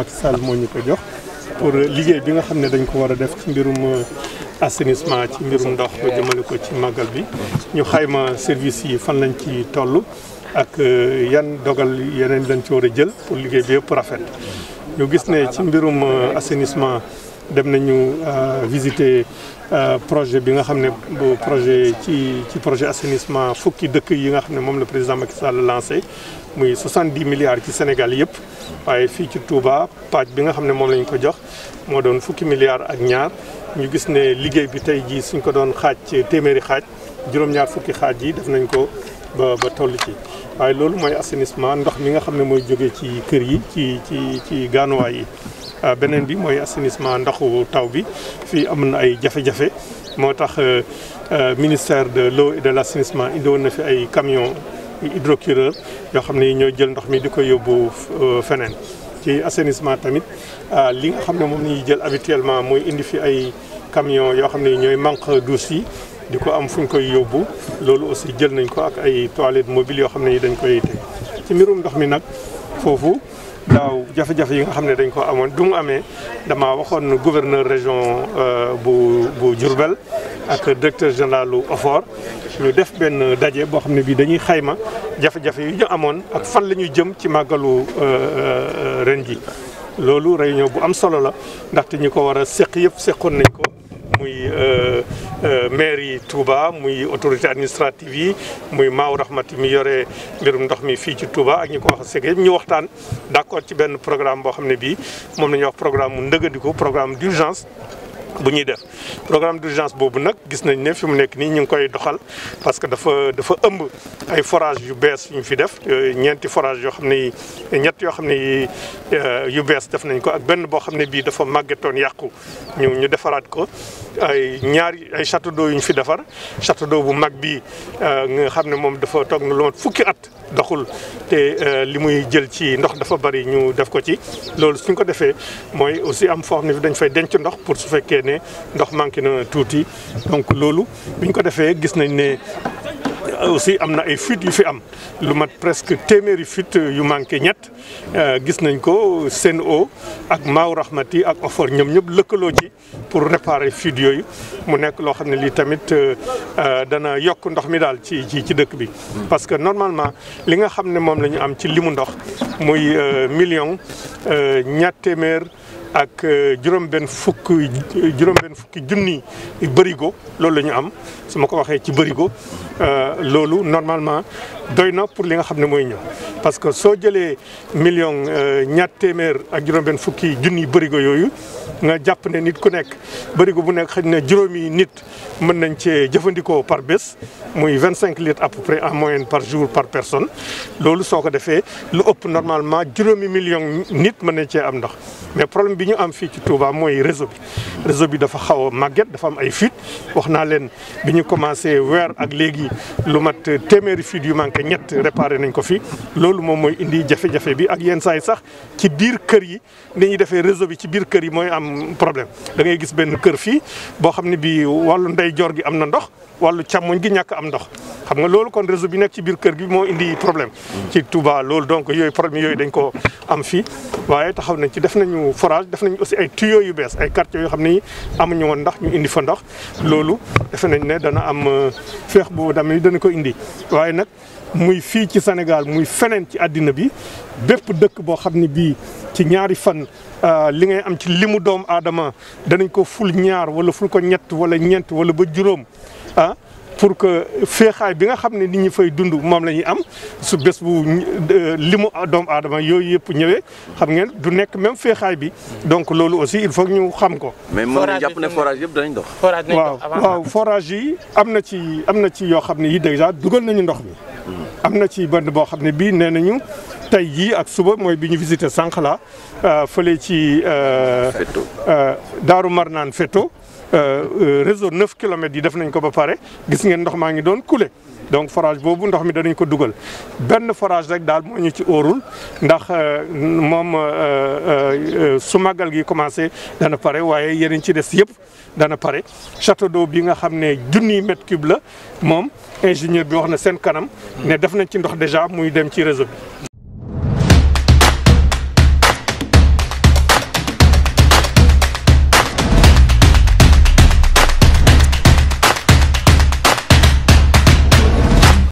Macky Sall moo ñu ko jox pour liggéey bi nga xam ne dañ ko war a def ci mbirum assainissement ci mbirum ndox jëmale ko ci màggal bi ñu xayma service yi fan lañ ci toll ak euh, yan dogal yeneen lañ ci war a jël pour liggéey bi yëpp rafet ñu gis ne ci mbirum euh, assainissement dem nañu euh, visiter euh, projet bi nga xam ne bu projet ci ci projet assainissement fukki dëkk yi nga xam ne moom la président Macky Sall lancé muy 70 milliards ci Sénégal yëpp waaye fii ci Touba paaj bi nga xam ne moom lañu ko jox moo doon fukki milliards ak ñaar ñu gis ne liggéey bi tey jii suñ ko doon xaaj téeméeri xaaj juróom-ñaar fukki xaaj yi def nañ ko ba toll ci waaye loolu mooy assainissement ndox mi nga xam ne mooy jóge ci kër yi ci ci ci gaanuwaay yi Euh, beneen bi mooy assainissement ndaxu taw bi fii am na ay jafe-jafe moo tax euh, euh, ministère de l'eau et de l'assainissement indi woon na fi ay camion hydrocureurs yoo xam ne yi ñooy jël ndox mi di ko yóbbu feneen. ci assainissement tamit li xam ne moom la jël habituellement mooy indi fi ay camions yoo xam ne ñooy manque douche yi di ko am fu koy yóbbu loolu aussi jël nañ ko ak ay toilettes mobiles yoo xam ne dañ koy teg ci mbirum ndox mi nag foofu. daaw jafe-jafe yi nga xam ne dañ ko amoon du mu amee dama waxoon gouverneur région euh, bu bu Diourbel ak directeur général lu OFOR ñu def benn daje boo xam ne bii dañuy xayma jafe-jafe yi ñu amoon ak fan la ñuy jëm ci màggalu euh, euh, ren ji loolu ñëw bu am solo la ndaxte ñi ko war a seq yëpp seqoon nañ ko muy Euh, maire yi Touba muy autorité administrative yi muy Maaw Rahmati mi yore mbirum ndox mi fii ci Touba ak ñi ko wax sëg yëpp ñu waxtaan d' accord ci benn programme boo xam ne bii moom la ñuy wax programme mu ndëgëndiku programme d' bu ñuy def programme d'urgence boobu nag gis nañ ne fi mu nekk nii ñu ngi koy doxal parce que dafa dafa ëmb ay forage yu bees yu ñu fi def euh, ñeenti forage yoo xam ne ñett yoo xam ne euh, yu bees def nañ ko ak benn boo xam ne bii dafa màggetoon yàqu ñu ñu defaraat ko ay ñaari ay château d'eau yu ñu fi defar château d'eau bu mag bii euh, nga xam ne moom dafa toog na lu mat fukki at doxul te li muy jël ci ndox dafa bari ñu def ko ci loolu suñ ko defee mooy aussi am foo ne ndox manqué na tuuti donc loolu biñ ko defee gis nañ ne euh, aussi am na ay fuites yu fi am lu mat presque téeméeri fuite yu manqué ñett euh, gis nañ ko Sen'Eau ak Maaw Rahmati ak Ofor ñoom ñëpp lëkkaloo ji pour réparer fuite yooyu mu nekk loo xam ne lii tamit euh, dana yokk ndox mi daal ci ci ci dëkk bi. parce que normalement li nga xam ne moom la ñu am ci limu ndox muy million ñaar téeméer. ak euh, juróom-benn fukk juróom-benn fukki junni bërigo loolu la ñu am su ma ko waxee ci bërigo euh, loolu normalement doy na pour li nga xam ne mooy ñëw parce que soo jëlee million euh, ñaar téeméer ak juróom-benn fukki junni bërigo yooyu nga jàpp ne nit ku nekk ko bu nekk xëy na juróomi nit mën nañ cee jëfandikoo par bés muy vingt cinq litres à peu près en par jour par personne loolu soo ko defee lu ëpp normalement juróomi million nit mën nañ cee am ndox mais problème bi ñu am fii ci Touba mooy réseau bi bi dafa xaw a màgget dafa am ay fuite wax naa leen bi ñu commencé weer ak léegi lu mat téeméeri fuite yu manqué ñett réparé nañ ko fii loolu moom mooy indi jafe-jafe bi ak yenn saa yi sax ci biir kër yi ni ñuy defee réseau bi ci biir kër yi mooy am am problème da ngay gis benn kër fii boo xam ne bii wàllu ndey joor gi am na ndox wàllu càmmoñ gi ñàkk am ndox xam nga loolu kon réseau bi nekk ci biir kër gi moo indi problème ci Touba loolu donc yooyu problème yooyu dañ ko am fi waaye taxaw nañ ci def nañu forage def nañu aussi ay tuyaux yu bees ay quartiers yoo xam ne amuñu woon ndox ñu indi fa ndox loolu defe nañ ne dana am euh, feex bu dami dana ko indi waaye nag muy fii ci senegal muy feneen ci àddina bi bépp dëkk boo xam ne bii ci ñaari fan euh, li ngay am ci limu doomu aadama danañ ko ful ñaar wala ful ko ñett wala ñeent wala ba juróom ah pour que féexaay bi nga xam ne nit ñi fay dund moom la ñuy am su bés bu limu doomu aadama yooyu yëpp ñëwee xam ngeen du nekk même feexaay bi donc loolu aussi il foog ñu xam ko. mais moo jàpp ne forage yëpp danañ dox. forage waaw yi am na ci am na ci yoo xam ne yi dèjà dugal nañu ndox mi. Hmm. am na ci boo xam ne bii nee nañu. tey jii ak suba mooy bi ñu visité Sànqala euh, fële ci. Euh, euh, Daaru Marnaan Feto réseau 9 kilomètres yi def nañ ko ba pare gis ngeen ndox maa ngi doon coulé. donc forage boobu ndox mi danañ ko dugal benn forage rek daal moo ñu ci óorul ndax moom su màggal gi commencé dana pare waaye yeneen ci des yëpp dana pare château d'eau bi nga xam ne junniy mètre cube la moom ingénieur bi wax na seen kanam ne def nañ ci ndox déjà muy dem ci réseau